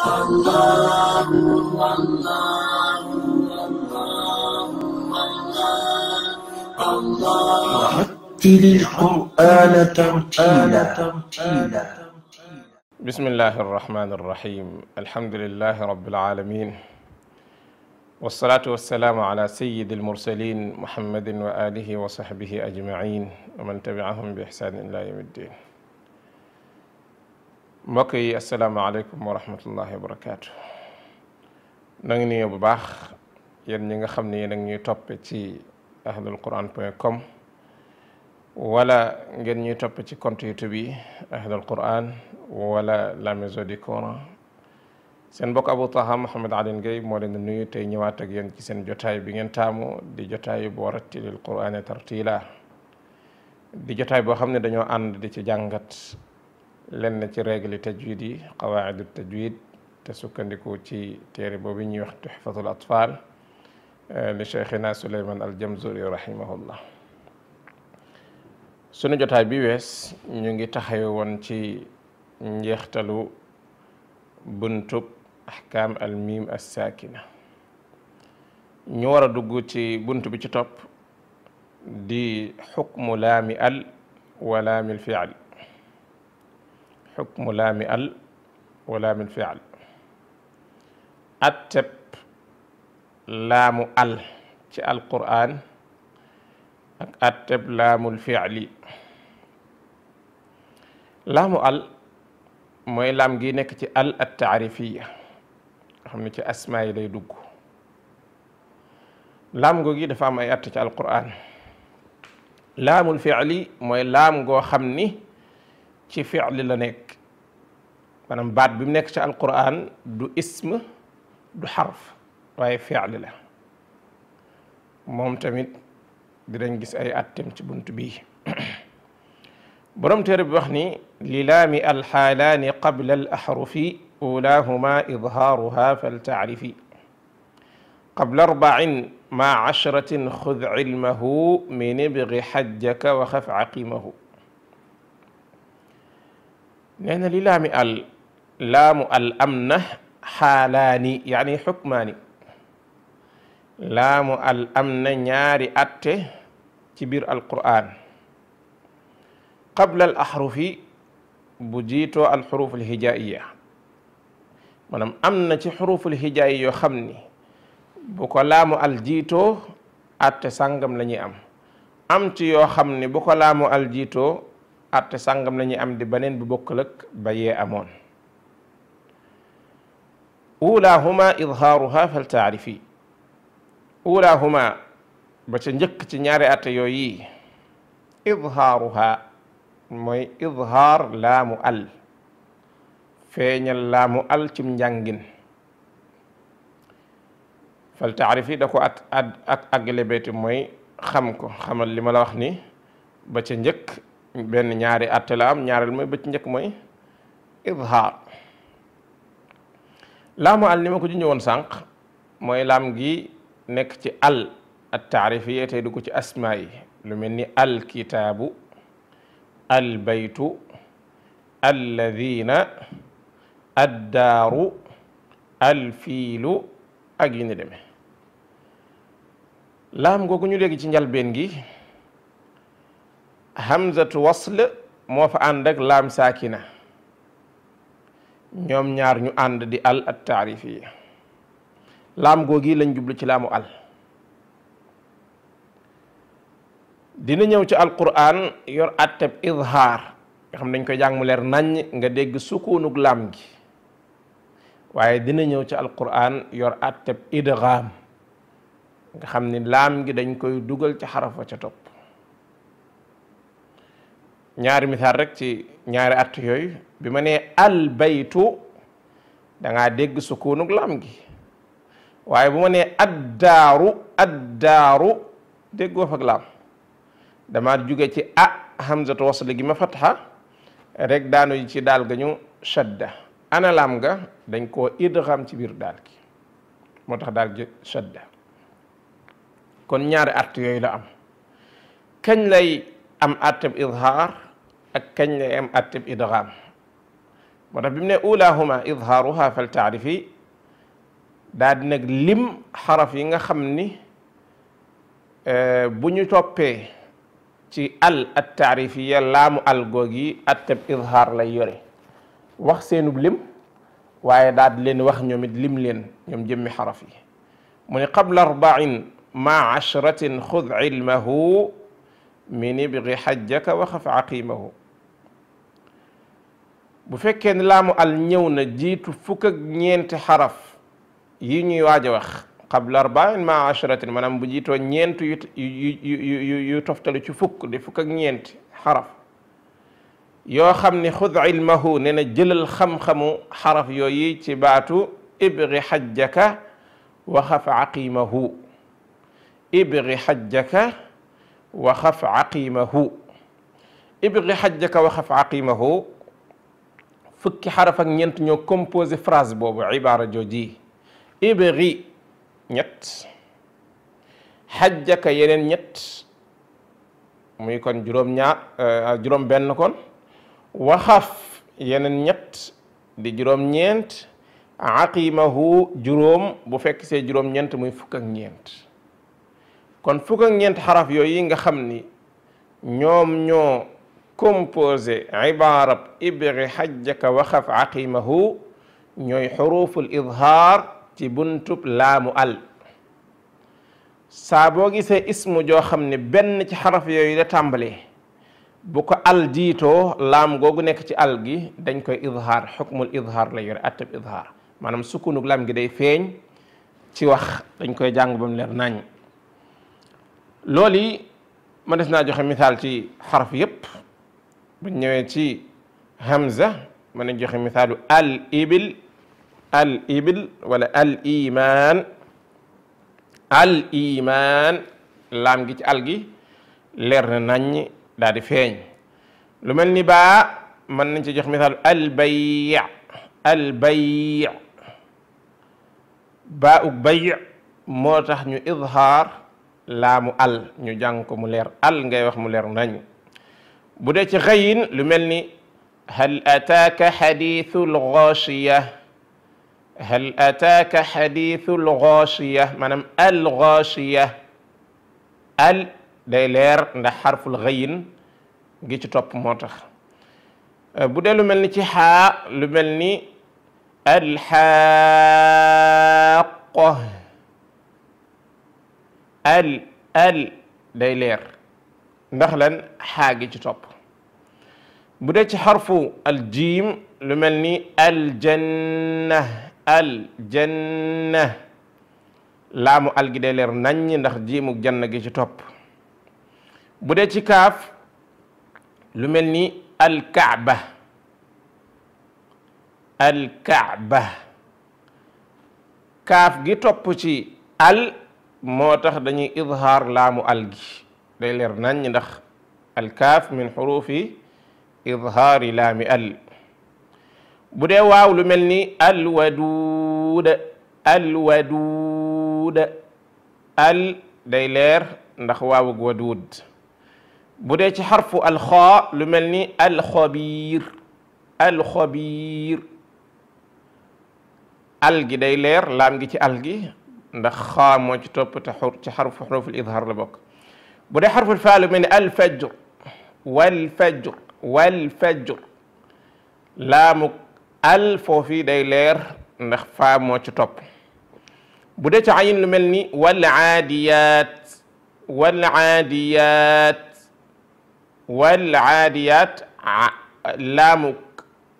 الله الله الله الله رتل القرآن ترتيلا بسم الله الرحمن الرحيم الحمد لله رب العالمين والصلاة والسلام على سيد المرسلين محمد وآله وصحبه أجمعين ومن تبعهم بإحسان إلى يوم الدين مكي السلام عليكم ورحمة الله وبركاته نغني أبو باخ ينغي خمني ينغي توب تي أهل القرآن بيكم ولا ينغي توب تي كنت يتبي أهل القرآن ولا لامزو دي كورا سين بوك أبو طه محمد علي نغي مولين نيو تي نيواتك ينكي سين جوتاي بيين تامو دي جوتاي بورتي للقرآن ترتيلا دي جوتاي بو خمني دانيو أند دي تي جانغت lenn ci règle tajwid yi qawaidu tajwid te sukkandiku ci téere boobu ñuy wax tuhfatul atfal li cheikhina suleyman al jamzuri rahimahullah sunu jotaay bi wees ñu ngi taxawe woon ci njeextalu buntub ahkam al mim as saakina ñu war a dugg ci bunt bi ci topp di xukmu laami al wa laamil fiil xukmu laami al wa laamin fial atteb laamu al ci alqur'an ak atteb laamu al mooy laam gi nekk ci al at taarifiya xam ne ci asmaa yi lay dugg laam googi dafa am ay att ci alqur'an laamul fiali mooy laam goo xam ni ci fi'l la nek manam baat bi mu nekk ci alquran du ism du harf waye fi'l la mom tamit dinañ gis ay atem ci buntu bi borom tere bi wax ni lilami alhalani qabla alahrufi axrufi ulahuma idhaaruha faltaarifi qabla arbain ma ashratin xud cilmahu min ibgi xajjaka wa xaf caqimahu nee na al laamu al am na xaalaani yaani xukmaani laamu al am na ñaari atte ci biir alqur'an qabla al axrufi bu jiitoo al xuruf al hijaiya maanaam am na ci xuruf al hijaiya yoo xam ni bu ko laamu al jiitoo atte sàngam la am am ci yoo xam ni bu ko laamu al jiitoo atte sàngam la am di beneen bu bokkul ak ba yee amoon ulaahuma idhaaruha fal taarifi ulaahuma ba ca njëkk ci ñaari atte yooyi idhaaruha mooy idhaar laamu al feeñal laamu al cim njàngin fal taarifi da ko at at ak aggle mooy xam ko xamal li ma ni ba ca njëkk benn ñaari atte la am ñaareel mooy ba ci njëkk mooy izhaar laamu al ni ma ko ju ñëwoon sànq mooy laam gi nekk ci al at taarifiya tey dugg ci asmaa yi lu mel ni al kitaabu al baytu alladina addaaru al fiilu ak yi ni demee laam googu ñu léegi ci njalbeen gi hamzatu wasl moo fa ànd ak laam saakina ñoom ñaar ñu ànd di al at taarifiya laam googi lañ jublu ci laamu al dina ñëw ci alquran yor atteb izhaar nga xam dañ koy jàng mu leer naññ nga dégg sukuunug laam gi waaye dina ñëw ci alquran yor atteb idgaam nga xam ni laam gi dañ koy dugal ci xarafa ca topp ñaari misaal rekk ci ñaari at yooyu bi ma nee albaytu danga ngaa dégg sukuunug laam gi waaye bu ma nee addaaru addaaru déggoo fag laam dama jóge ci a hamzatu wasl gi ma fatha rek daanu ci daal ga ñu shadda ana laam nga dañ koo idgham ci biir daal gi moo tax daal gi shadda kon ñaari at yooyu la am kañ lay am atab izhaar ak kañ lay am attib idgham moo tax bi mu ne ulahuma idharuha fal taarifi daa di nag lim xaraf yi nga xam ni bu ñu toppee ci al at taarifiya laamu al goog yi attib idhar lay yore wax seenub lim waaye daa di leen wax ñoom it lim leen ñoom jëmmi xaraf yi mu ne qabla arbain ma ashratin xud ilmahu min ibgi xajjaka wa xaf aqimahu bu fekke ni lamu al ñëw na jiitu fukk ak ñent xaraf yi ñuy waja wax qabl arbain ma asharatin manam bu jito ñent yu yu yu toftalu ci fuk di fuk ak ñent xaraf yo xamni khudh xud ilmahu ne na jëlal xam-xamu xaraf yooyu ci baatu ibri wa khaf aqimahu ibri wa khaf aqimahu ibri xajjaka waxaf aqimahu fukki xaraf ñeent ñoo composé phrase boobu ibaara jooji ibri ñett xajjaka yeneen ñett muy kon juróom ñaar euh, juróom benn kon waxaf yeneen ñett di juróom ñeent aqimahu juróom bu fekk see juróom ñeent muy fukk ak ñeent kon fukk ak ñeent xaraf yooyu nga xam ni ñoom ñoo composé ibaarab ibri xajjaka waxaf aqimahu ñooy xuruful idhaar ci buntub laamu al saa boo gisee ismu joo xam ne benn ci xaraf yooyu la tàmbale bu ko al jiito laam googu nekk ci al gi dañ koy idhaar xukmul idhaar la yore attab idhaar maanaam sukkunug laam gi day feeñ ci wax dañ koy jàng ba mu leer nañ loolu yi des naa joxe misaal ci xaraf yépp bu ñëwee ci hamza ma a joxe misaalu al ibil al ibil wala al iman al iman laam gi ci al gi leer na nañ daal di feeñ lu mel ni baa mën nañ ci jox misaalu al bay al bay baa ug bay moo tax ñu idhaar laamu al ñu jàng ko mu leer al ngay wax mu leer nañ bu dee ci xëyin lu mel ni hal ataaka xadiithul gaashiya hal ataaka xadiithul gaashiya maanaam al gaashiya al day leer ndax xarful xëyin gi ci topp moo tax bu dee lu mel ni ci xaa lu mel ni alxaaqo al al day leer ndax lan xaa gi ci topp بديتي حرف الجيم لملني الجنة الجنة لامو الجدلر نني نخ جيم الجنة جي توب بديتي كاف لملني الكعبة الكعبة كاف جي توب شي ال موتخ دني إظهار لامو الجي دلر نني نخ الكاف من حروفي izhaari laami al bu dee waaw lu mel ni alwaduud alwaduud al day leer ndax waawug waduud bu dee ci xarfu alxaa lu mel ni alxabiir alxabiir al gi day leer laam gi ci al gi ndax xaa moo ci topp te ci xarfu xuruful izhaar la bokk bu dee xarful faa lu mel ni alfajr walfajr والفجر لام الف في داي لير نخ توب بودي عين لملني والعاديات والعاديات والعاديات لام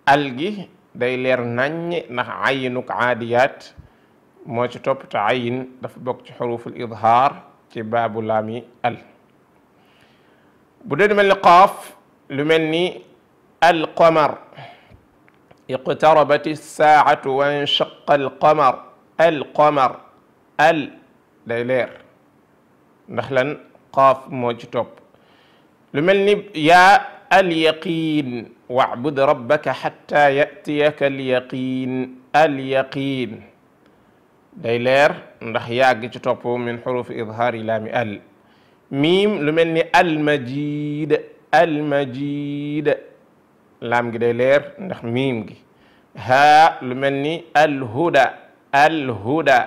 الجي داي لير ناني نخ عينك عاديات مو تي توب تعين دا بوك حروف الاظهار تي باب لامي ال بودي ملني قاف lu mel ni alqamar iqtarabat issaatu wanshaqa alqamar alqamar al day leer ndax lan qaaf moo ci topp lu mel ni yaa alyaqiin wacbud rabbaka xatta yatiyaka alyaqiin alyaqiin day leer ndax yàgg ci topp min xurufi idhaari laami al miim lu mel ni almajid المجيد laam gi day leer ndax miim gi haa lu mel ni alhuda alhuda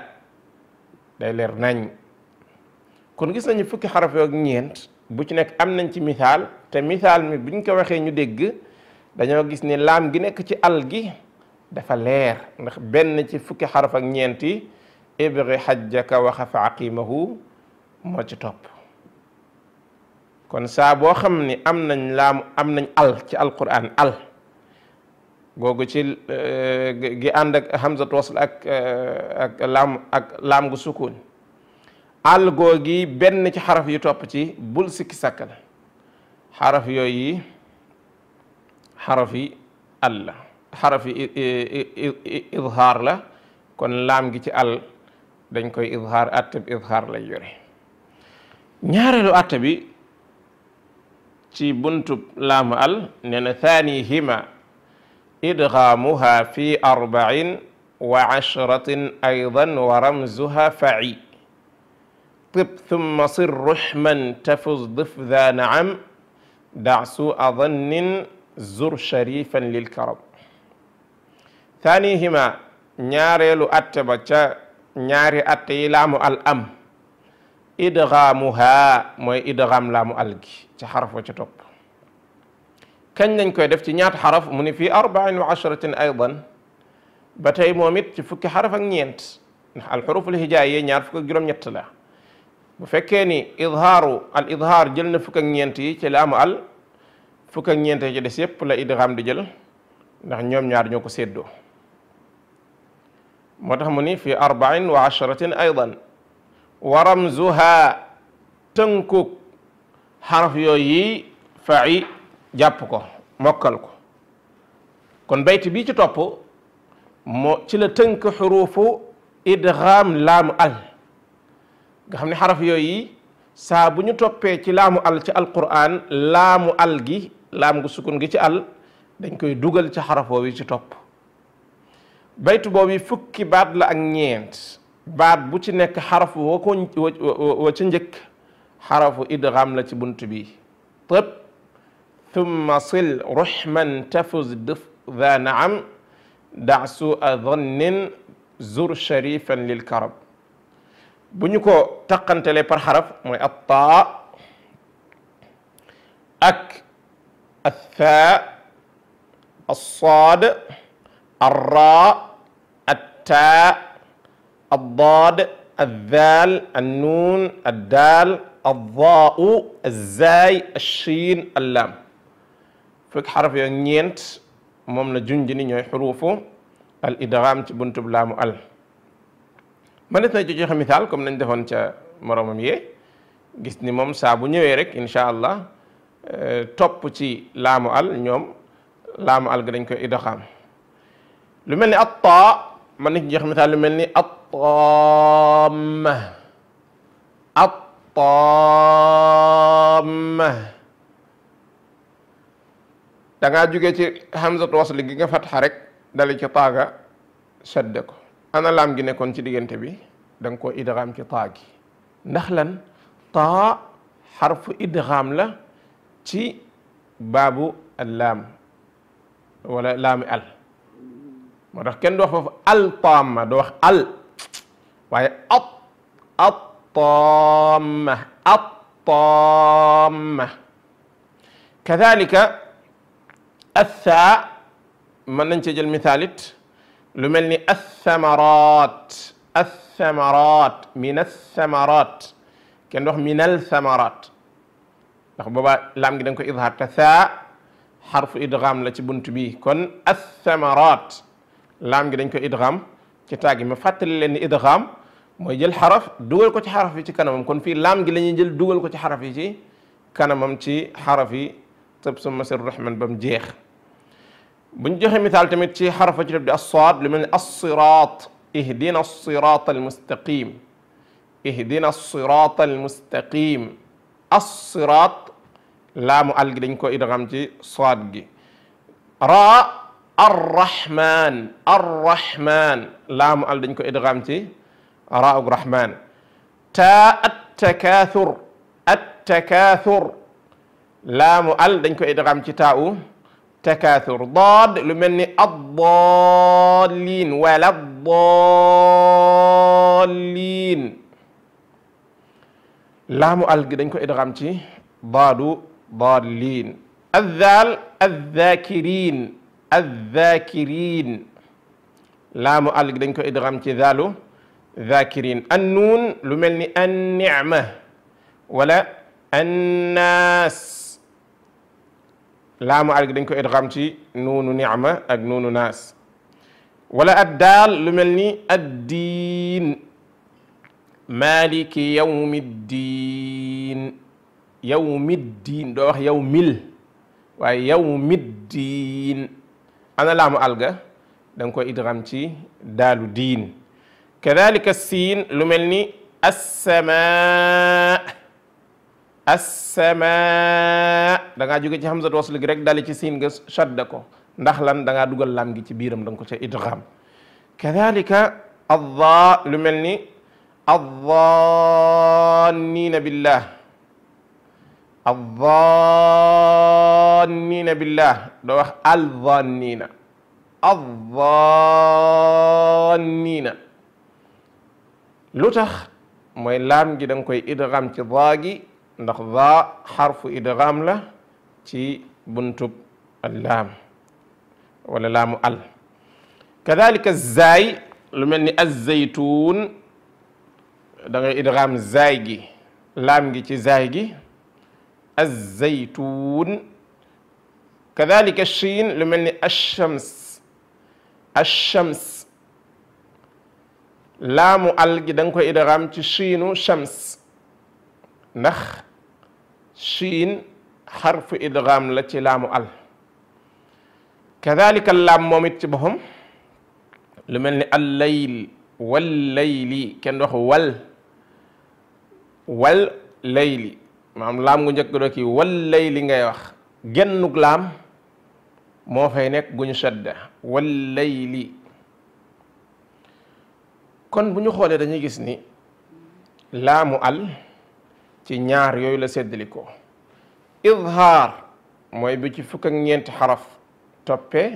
day leer nañ kon gis nañu fukki xaraf yoo ak ñeent bu ci nekk am nañ ci misaal te misaal mi buñ ko waxee ñu dégg dañoo gis ni laam gi nekk ci al gi dafa leer ndax benn ci fukki xaraf ak ñeent yi ibri xajjaka waxaf aqimahu moo ci topp kon saa boo xam ni am nañ laam am nañ al ci alquran al googu ci eh, gi ànd ak hamzat wasl ak eh, ak laam ak laam gu sukun al googi benn ci xaraf yu topp ci bul sikki sàkk la xaraf yooyu xaraf yi al la xaraf la kon laam gi ci al dañ koy idhaar atte yore ñaareelu atte ci buntub laamu al nee na thanihima idgaamuha fi arbain wa ashratin aydan wa ramzuha faci طب ثم صر رحما تفز ضف ذا نعم دع سوء ظن زر شريفا للكرم ثانيهما ñaareelu atte ba ca ñaari atte yi laamu al am idghaamuha mooy idgham laamu al gi ci xaraf wa ci topp kañ nañ koy def ci ñaat xaraf mu ni fii arbain wa aydan ba tey moom it ci fukki xaraf ak ñeent ndax al xuruf al hijaayee ñaar fukk ak juróom-ñett la bu fekkee ni idhaaru al idhaar jël na fukk ak ñeent yi ci laamu al fukk ak ci des yépp la idgham di jël ndax ñoom ñaar ñoo ko séddoo moo tax mu ni fii arbain wa aydan waram zuha tënkuk xaraf yooyu yi fa'i jàpp ko mokkal ko kon bayt bi ci topp moo ci la tënk xuruufu idgham laamu al nga xam ne xaraf yooyu yi saa bu ñu toppee ci laamu al ci alquran laamu al gi laam gu sukun gi ci al dañ koy dugal ci xaraf woowu ci topp baytu boobu fukki baat la ak ñeent baat bu ci nekk xarafu wa ko wa ci njëkk xarafu idgham la ci bunt bi tëb thumma sil ruhman tafuz dëf dha naam da su a dhannin zur sharifan lil karab bu ñu ko taqantelee par xaraf mooy attaa ak athaa assaad arraa attaa الضاد الذال النون الدال الضاء الزاي الشين اللام fekk xaraf yooyu ñeent moom la junj ni ñooy xuruufu al idgham ci buntub laamu al mënees na ci joxe misaal comme nañ defoon ca moromam yee gis ni moom saa bu ñëwee rek incha allah topp ci laamu al ñoom laamu al ga dañ koy idgham lu mel ni at taa mën nañ ci jox misaal lu mel ni attaamma attaamma da ngaa jóge ci hamzatu wasli gi nga fatxa rek dali ci taaga sedde ko ana laam gi nekkoon ci diggante bi dang ko koo idgaam ci taa gi ndax lan taa xarfu idgaam la ci baabu al laam wala laami al moo tax kenn du wax foofu al tamma du wax al waaye at at tamma at tamma kadalika athaa mën nañ cee jël misaalit lu mel ni athamaraat athamaraat min athamaraat kenn du wax min althamaraat ndax boobaa laam gi da nga ko idhaar te saa xarfu idgham la ci bunt bi kon athamaraat laam gi dañ ko idgham ci taag gi ma fàttali leen ni idgham mooy jël xaraf dugal ko ci xaraf yi ci kanamam kon fii laam gi la ñuy jël dugal ko ci xaraf yi ci kanamam ci xaraf yi tëb sa masir rahman ba mu jeex buñ joxe misaal tamit ci xarafa ci def di assaad lu mel ne assiraat ihdina assiraat almustaqim ihdina assiraat almustaqim assiraat laamu al gi dañ ko idgham ci saad gi raa الرحمن الرحمن لام الدنكو إدغام تي راء الرحمن تاء التكاثر التكاثر لام الدنكو إدغام تي تاءو تكاثر ضاد لمن الضالين ولا الضالين لام الدنكو إدغام تي ضادو ضالين الذال الذاكرين الذاكرين لام الق دنجو ادغام تذالو ذاكرين النون لملني النعمة ولا الناس لام الق دنجو ادغام تي نون نعمة اك نون ناس ولا الدال لملني الدين مالك يوم الدين يوم الدين دوخ يوم ال ويوم الدين ana laamu alga da ko koy ci daalu diin kadalika siin lu mel ni assamaa assamaa da jóge ci hamzatu wasl gi rek dali ci siin nga shadda ko ndax lan da dugal laam gi ci biiram da ko ca idram kadalika lu mel ni addaanniina billah azzanniina billah doo wax alzanniina azzanniina lu tax mooy laam gi da koy idgham ci daa gi daa xarfu idgham la ci buntub laam wala laamu al kadalika zaay lu mel ni azzaytuun da ngay idgham zaay gi laam gi ci zaay gi الزيتون كذلك الشين lu mel ni الشمس الشمس laamu al gi da nga koy idgham ci shiinu shams ndax shiin xarfu idgham la ci laamu al kadalika laam moom it ci boppam lu mel ni al layl wal layli kenn wax wal wal layli maanaam laam gu njëkk do ki wallay li ngay wax gennuk laam moo fay nekk gu ñu sadda wallay li kon bu ñu xoolee dañuy gis ni laamu al ci ñaar yooyu la seddali ko idhaar mooy bu ci fukk ak ñeenti xaraf toppee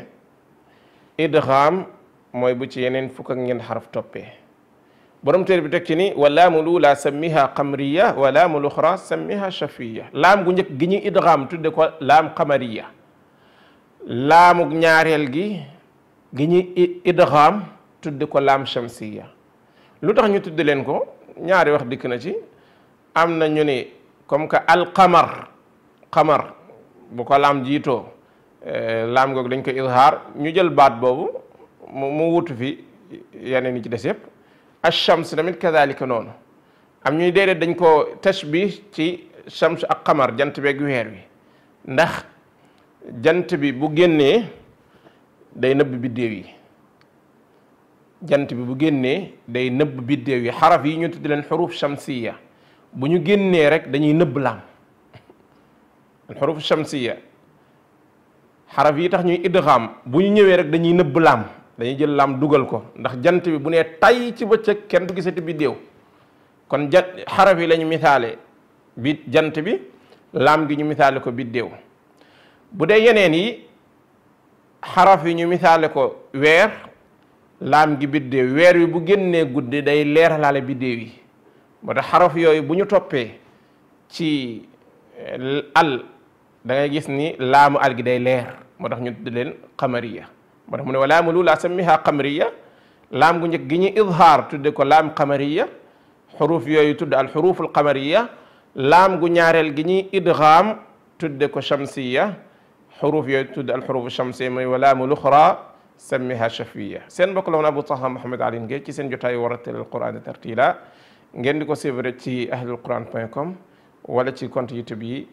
idgham mooy bu ci yeneen fukk ak ñeenti xaraf toppee borom téere bi teg ci ni wa laamulu la sammiha qamriya wa laamul uxra sammiha shafiya laam gu njëkk gi ñu idgaam tudde ko laam qamariya laamug ñaareel gi gi ñu idgaam tudde ko laam shamsiya lu tax ñu tudde leen ko ñaari wax dikk na am na ñu ne comme que alqamar qamar bu ko laam jiitoo eh, laam googu dañ ko izhaar ñu jël baat boobu mu wutu fi yeneen yi ci des yëpp a achams tamit kazalika noonu am ñuy déedéet dañ koo ko bi ci chams ak xamar jant beeg weer wi ndax jant bi bu génnee day nëbb biddéew yi jant bi bu génnee day nëbb biddéew yi xaraf yi ñu tudd leen xuruf chamsiya bu ñu génnee rek dañuy nëbb laam al xuruf chamsiya xaraf yi tax ñuy idgham bu ñu ñëwee rek dañuy nëbb laam dañuy jël laam dugal ko ndax jant bi bu nee tay ci bëccëg kenn du gisati biddéew kon ja xaraf yi lañu ñu misaale bi jant bi laam gi ñu misaale ko biddéew bu dee yeneen yi xaraf yi ñu misaale ko weer laam gi biddéew weer wi bu génnee guddi day leeralaale biddéew yi moo tax xaraf yooyu bu ñu toppee ci eh, al da gis ni laamu al gi day leer moo tax ñu tudd leen xamariya moo tax mu ne wa laamul uulaa sammihaa qamariya laam gu njëkk gi ñu idhaar tudde ko laam qamariya xuruf yooyu tudd al xuruful qamariya laam gu ñaareel gi ñuy idgham tudde ko shamsiya xuruf yooyu tudd al xurufu shamsiya mooy wa laamul uxra sammiha shafiya seen mbokk la woon Abou Taha Mouhamed Alioune Guèye ci seen jotaayu warattil al Quran tartila ngeen di ko suivre ci ahlul quran point com wala ci compte youtube yi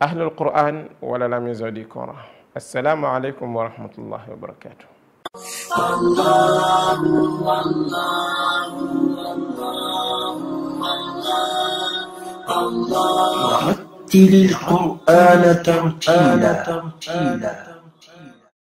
ahlul quran wala la maison du coran السلام عليكم ورحمة الله وبركاته الله الله الله الله الله الله الله